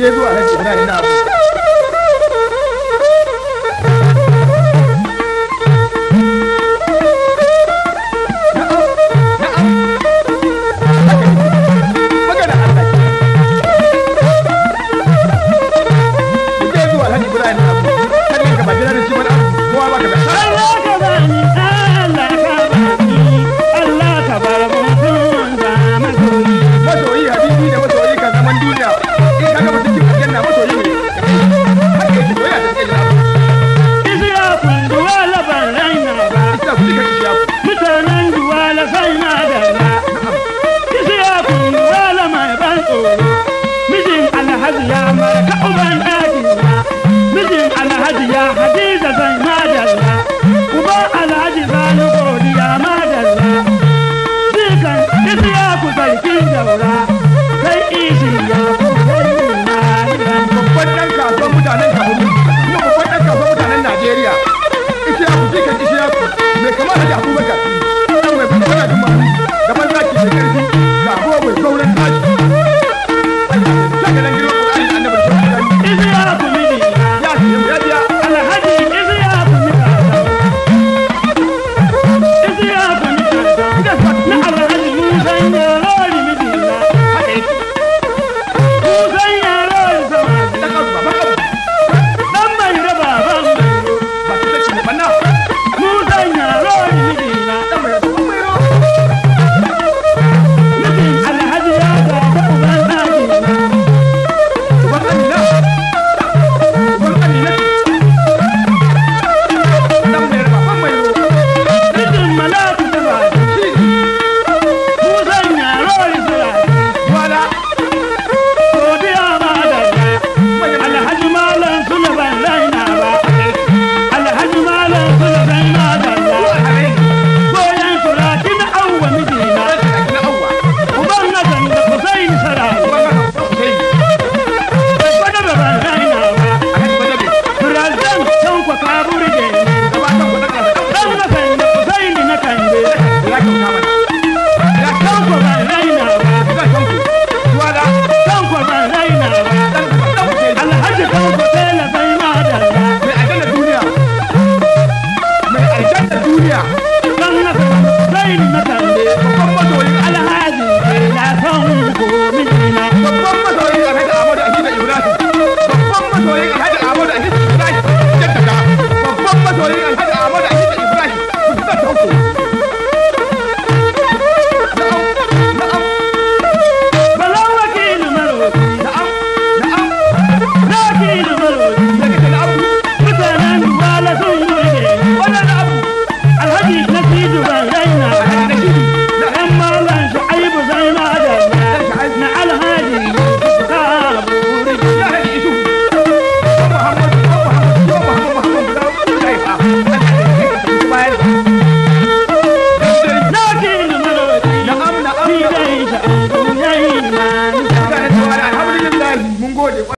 几住啊！接住啊！hadiza zan madalla uba ala